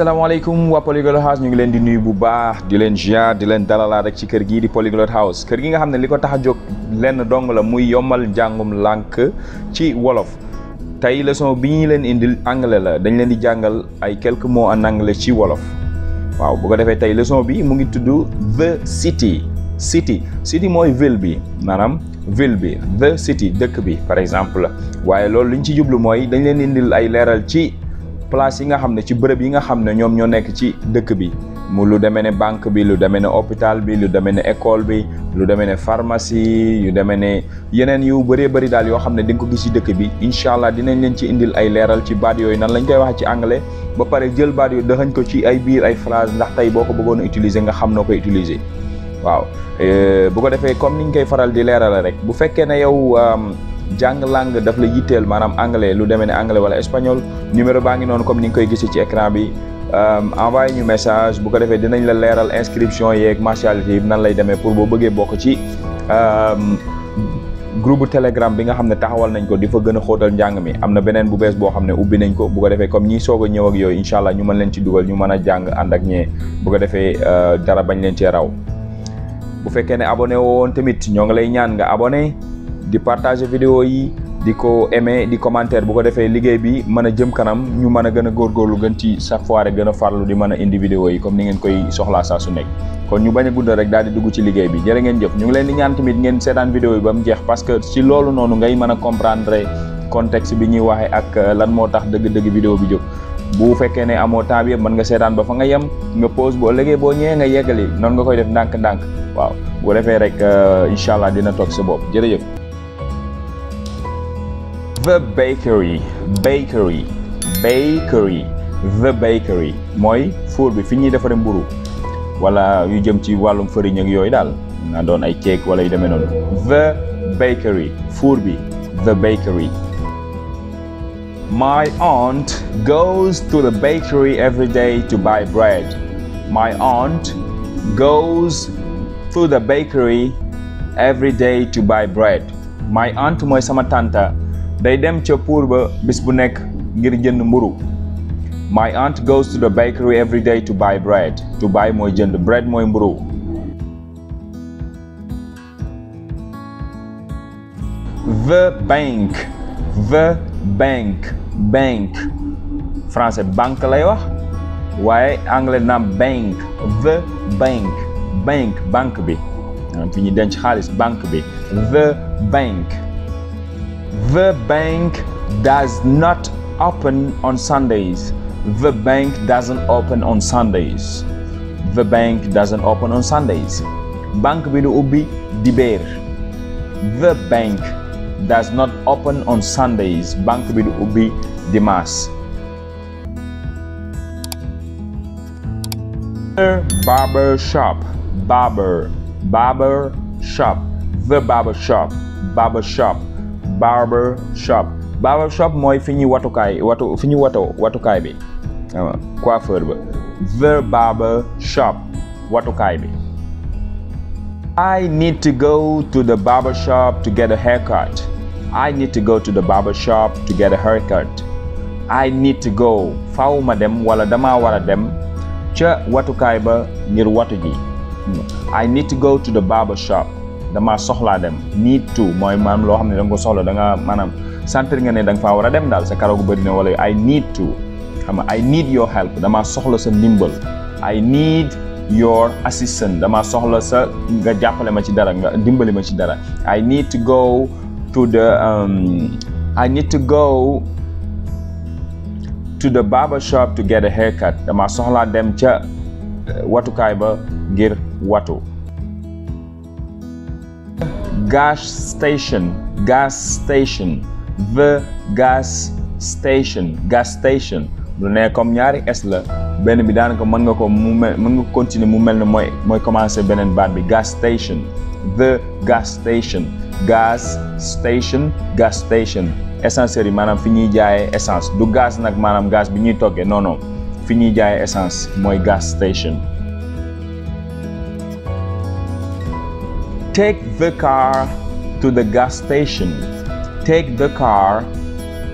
asalaamaaleykum waa Polyglot House ñu ngi leen di nuyu bu baax di leen jiar di leen dalalaa rek ci kër gii di Polyglot House kër gi nga xam ne li ko tax a jóg lenn dong la muy yombal njàngum lànk ci wolof tey leçon bi ñu leen indil anglais la dañ leen di jàngal ay quelques mots en anglais ci wolof waaw bu ko defee tey leçon bi mu ngi tudd the city city city mooy ville bi maanaam ville bi the city dëkk bi par exemple waaye loolu li ñu ci jublu mooy dañ leen indil ay leeral ci place yi nga xam ne ci bërëb yi nga xam ne ñoom ñoo nekk ci dëkk bi mu lu deme ne banque bi lu demee ne hôpital bi lu demee ne école bi lu demee ne pharmacie yu demee ne yeneen yu bëree bëri daal yoo xam ne di nga ko gis ci dëkk bi incha allah dinañ leen ci indil ay leeral ci baat yooyu nan lañ koy waxee ci anglais ba pare jël baat yooyu dëxañ ko ci ay biir ay phrase ndax tey boo ko bëggoon a utiliser nga xam noo koy utiliser waaw eh, bu ko defee comme niñ koy faral di leerala rek bu fekkee ne yow. jàng langue daf la yitteel maanaam anglais lu demee ne anglais wala espagnol numéro baa ngi noonu comme ni nga koy gisee ci écran bi euh, envoyé ñu message bu ko defee dinañ la leeral inscription yeeg mensualité yi nan lay demee pour boo bëggee bokk ci euh, groupe telegram bi nga xam ne taxawal nañ ko di fa gën a xóotal njàng mi am na beneen bu bees boo xam ne ubbi nañ ko bu ko defee comme ñi soog a ñëw ak yooyu incha allah ñu mën leen ci dugal ñu man a jàng ànd ak ñee bu ko defee euh, dara bañ leen ci raw bu fekkee ne abonné woo tamit ñoo ngi lay ñaan nga abonné di partager vidéo yi di ko aimer di commentaire bu ko defee liggéey bi mën a jëm kanam ñu mën a gën a góorgóorlu gën ci chaque fois rek gën a farlu di mën a indi vidéo yi comme ni ngeen koy soxlaa saa su nekk kon ñu bañ a guddal rek daal di dugg ci liggéey bi jërë ngeen jëf ñu ngi leen di ñaan tamit ngeen seetaan vidéo yi ba mu jeex parce que ci loolu noonu ngay mën a comprendre contexte bi ñuy waxee ak euh, lan moo tax dëgg-dëgg vidéo bi jóg bu fekkee ne amoo temps bi yëpp mën nga ba nga yem nga pause boo léegi boo nga yeggali noonu nga koy def ndànk-ndànk waaw bu defee rek euh, incha allah dina toog sa bopp jërëjëf. the bakery bakery bakery the bakery mooy four bi fi ñuy defaree mburu wala yu jëm ci wàllum farine ak yooyu daal na doon ay cake wala yu demee noonu the bakery four bi the bakery my aunt goes to the bakery every day to buy bread my aunt goes to the bakery every day to buy bread my aunt mooy sama tànta day dem ca puur ba bis bu nekk ngir jënd mburu my aunt goes to the bakery every day to buy bread to buy mooy jënd bread mooy mburu the bank the bank bank lay wax waaye anglais naam bank the bank bank bi maanaam denc xaalis banque bi bank The bank does not open on Sundays. The bank doesn't open on Sundays. The bank doesn't open on Sundays. Bank bi du ubbi dibeer. The bank does not open on Sundays. Bank bi du ubbi dimanche. barber shop barber shop the barber shop barber shop barber shop mooy fi ñuy watukaay watu fi ñuy watoo watukaay bi coiffeur ba the barber shop watukaay bi I need to go to the barber shop to get a haircut I need to go to the barber shop to get a haircut I need to go faw dem wala damaa war dem ca watukaay ba ngir watu ji hmm. I need to go to the barber shop damaa soxlaa dem need to mooy maanaam loo xam ne da ko soxla da nga maanaam sentir nga ne danga faa war a dem daal sa karaw gu bëri na wala I need to xam nga I need your help damaa soxla sa ndimbal I need your assistance damaa soxla sa nga jàppale ma ci dara nga ndimbali ma ci dara I need to go to the um, go to the barber shop to get a haircut damaa soxlaa dem ca uh, watukaay ba ngir watu gas station, gas station, the gas station, gas station. lu ne comme ñaari S la benn bi daanaka mën nga ko mu mel mën nga continuer mu mel ne mooy mooy commencer beneen baat bi gas station the gas station gas station gas station essencerie yi maanaam fi ñuy jaayee essence du gaz nag maanaam gaz bi ñuy toggee non non fi ñuy jaaye essence mooy gas station. Take the car to the gas station. Take the car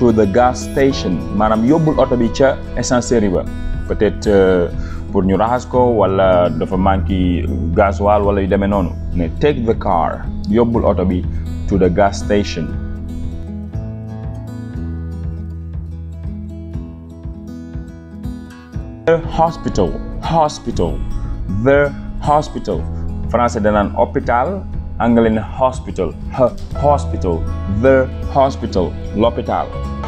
to the gas station. maanaam yóbbul oto bi ca essencerie ba peut-être euh, pour ñu raxas ko wala dafa manqué gasoil wala yu demee noonu mais take the car yóbbul oto bi to the gas station. The Hospital. The hospital. français danaan hôpital anglais ne hospital hospital the hospital l'hôpital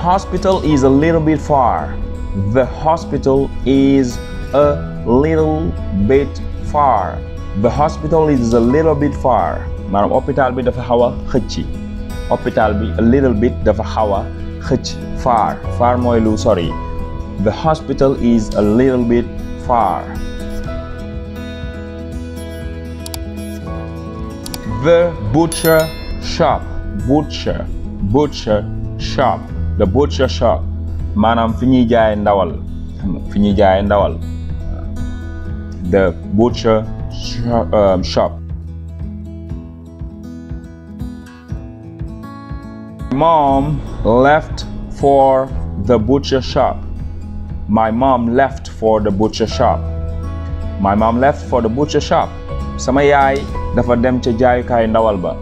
hospital is a little bit far the hospital is a little bit far the hospital is a little bit far maanaam hôpital bi dafa xaw a xëcc hôpital bi a little bit dafa xaw a xëcc far far mooy lu sori the hospital is a little bit far the butcher shop butcher butcher shop the butcher shop maanaam fi ñuy jaay ndawal fi ñuy jaay ndawal the butcher um, shop mom left for the butcher shop my mom left for the butcher shop my mom left for the butcher shop sama yaay dafa dem ca jaayukaay ndawal ba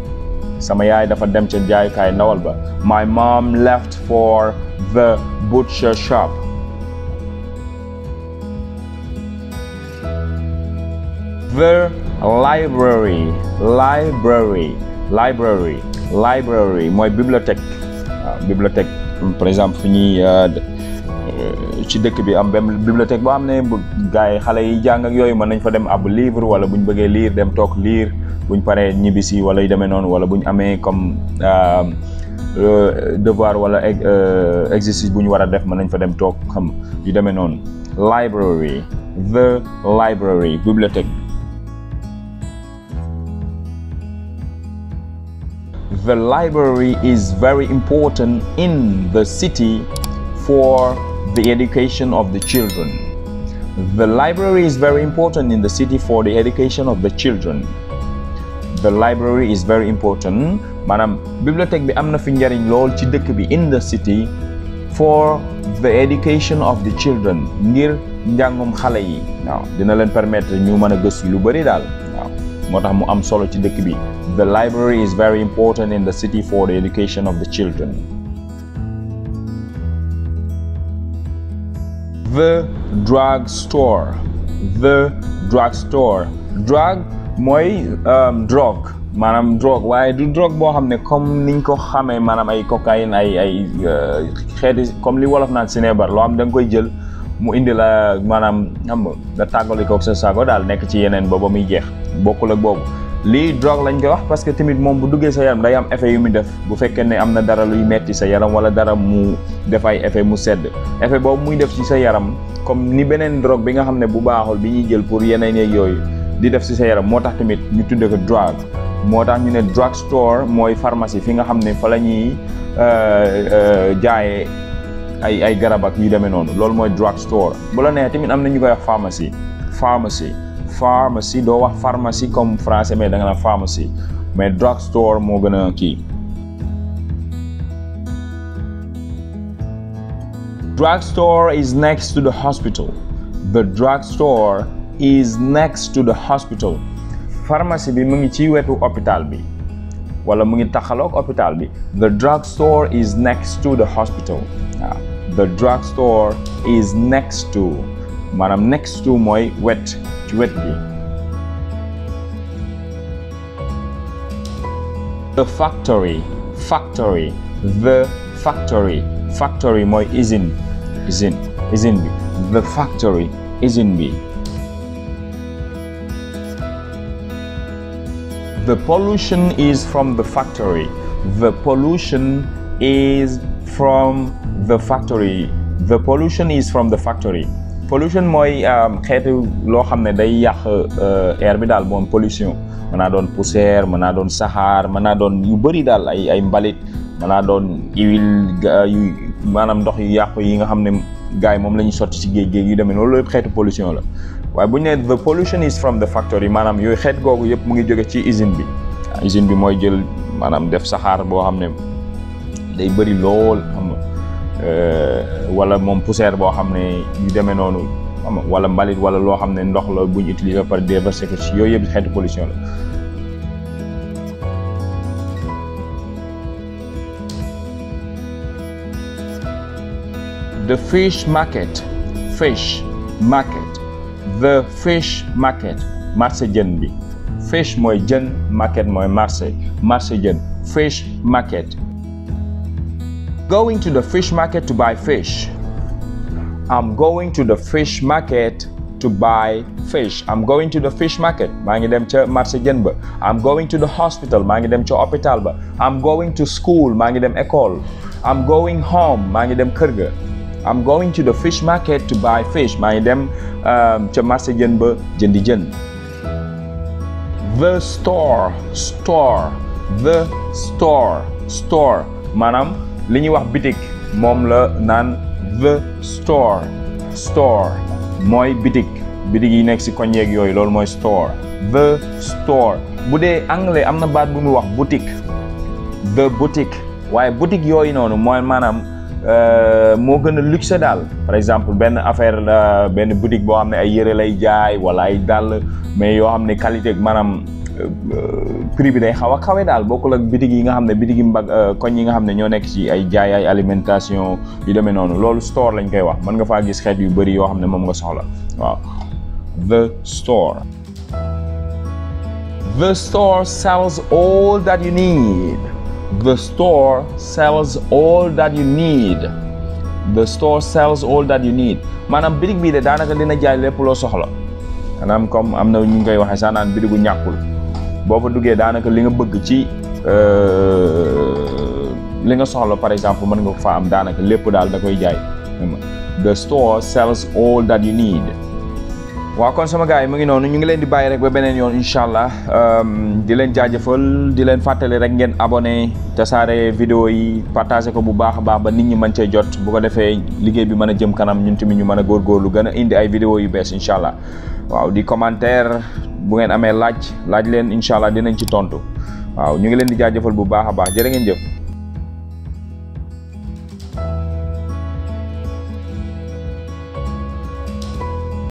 sama yaay dafa dem ce jaayukaay ndawal ba my mom left for the butcher shop the library library library mooy bibliothèque waaw bibliothèque par exemple fi ñuy euh, euh, ci dëkk bi am benn bibliothèque boo xam ne bu gars yi xale yi jàng ak yooyu mën nañ fa dem ab livre wala bu ñu bëggee liir dem toog liir buñ paree ñibbisi wala yu demee noonu wala buñ amee comme euh, euh, devoir wala euh, exercice bu ñu war a def mën nañ fa dem toog xam yu demee noonu library the library bibliothèque the library is very important in the city for the education of the children. The library is very important in the city for the education of the children. the library is very important maanaam bibliothèque bi am na fi njariñ lool ci dëkk bi in the city for the education of the children ngir njàngum xale yi waaw dina leen permettre ñu mën a gëstu lu bëri daal moo tax mu am solo ci dëkk bi the library is very important in the city for the education of the children the drug store the drug store mooy um, drogue maanaam drogue waaye di drogue boo xam ne comme ni ñu ko xamee maanaam ay cocaïne ay ay euh, xeeti comme li wolof naan sinébar loo xam da nga koy jël mu indi la maanaam xam nga tàggali ko sa sago daal nekk ci yeneen ba ba muy jeex bokkul ak boobu. lii drogue lañ koy wax parce que tamit moom bu duggee sa yaram day am effet yu muy def bu fekkee ne am na dara luy metti sa yaram wala dara mu def ay effet mu sedd effet boobu muy def ci sa yaram comme ni beneen drogue bi nga xam ne bu baaxul bi ñuy jël pour yeneen yooyu. di def si sa yaram moo tax tamit ñu tuddee ko drug moo tax ñu ne drug store mooy pharmacie fi nga xam ne fa la ñuy euh, euh, jaayee ay ay garab ak yu demee noonu loolu mooy drug store bu la neexee tamit am na ñu koy wax pharmacie pharmacie pharmacie doo wax pharmacie comme français mais da nga naan pharmacie mais drug store moo gën a kii. drug store is next to the hospital. The drug store is next to the hospital pharmacie bi mu ngi ci wetu hôpital bi wala mu ngi taxaloog hôpital bi the drug store is next to the hospital waaw the drug store is next to maanaam next to mooy wet ci wet bi the factory factory the factory factory mooy usine usine usine bi the factory usine bi The pollution is from the factory. The pollution is from the factory. The pollution is from the factory. pollution mooy um, xeetu loo xam ne day yàq uh, air bi daal moom pollution mën naa doon poussière mën naa doon saxaar mën naa doon yu bëri daal ay ay mbalit mën naa doon huile maanaam ndox yu yàqu yi nga xam ne gars yi moom la ñuy sotti si géej géej yu demee loolu yëpp xeetu pollution la waaye bu ñu nee the pollution is from the factory maanaam yooyu xeet googu yëpp mu ngi jóge ci usine bi usine bi mooy jël maanaam def saxaar boo xam ne day bëri lool xam nga euh, moom poussière boo xam ne yu demee noonu xam wala mbalit wala loo xam ne ndox la bu ñu utiliser par déverser yooyu yëpp xeetu polition la The fish market fish market the fish market marché jën bi fish mooy jën market mooy marché marché jën fish market. Going to the fish market to buy fish. I'm going to the fish market to buy fish. I'm going to the fish market. maa ngi dem ca marché jën ba. I'm going to the hospital. maa ngi dem ca hôpital ba. I'm going to school. maa ngi dem école. I'm going home. maa ngi dem kër ga. am going to the fish market to buy fish maa ngi dem um, ca marché jën ba jëndi jën the store store the store store maanaam li ñuy wax bitik moom la naan the store store mooy bitik bitik yi nekk si koñ yeeg yooyu loolu mooy store the store bu dee anglais am na baat bu muy wax boutique the boutique waaye boutique yooyu noonu mooy maanaam Euh, moo gën a luxe daal par exemple benn affaire la euh, benn boutique boo xam ne ay yëre lay jaay wala ay dàll mais yoo xam ne qualité maanaam euh, prix bi day xaw a kawe daal bokkul ak bitig yi nga xam ne bitig yi mbag koñ yi nga xam ne ñoo nekk ci ay jaay ay alimentation yu demee noonu loolu store lañ koy wax mën nga faa gis xeet yu bëri yoo xam ne moom nga soxla waaw the store the store sells all that you need The store sells all that you need the store sells all that you need maanaam bitig bii de daanaka dina jaay lépp loo soxla maanaam comme am na ñu ngi koy waxee saanaan naan bitigu ñàkkul boo fa duggee daanaka li nga bëgg ci euh, li nga soxla par exemple mën nga ko fa am daanaka lépp daal da koy jaay the store sells all that you need waaw kon sama gars yi mu ngi noonu ñu ngi leen di bàyyi rek ba beneen yoon incha allah um, di leen jaajëfal di leen fàttali rek ngeen abone te saare vidéo yi partagé ko bu baax a baax ba nit ñi mën cee jot bu ko defee liggéey bi mën a jëm kanam ñu tamit ñu mën a góorgóorlu gën a indi ay vidéo yu bees incha allah waaw di commentaire bu ngeen amee laaj laaj leen incha allah dinañ ci tontu waaw ñu ngi leen di jaajëfal bu baax a baax jërë ngeen jëf.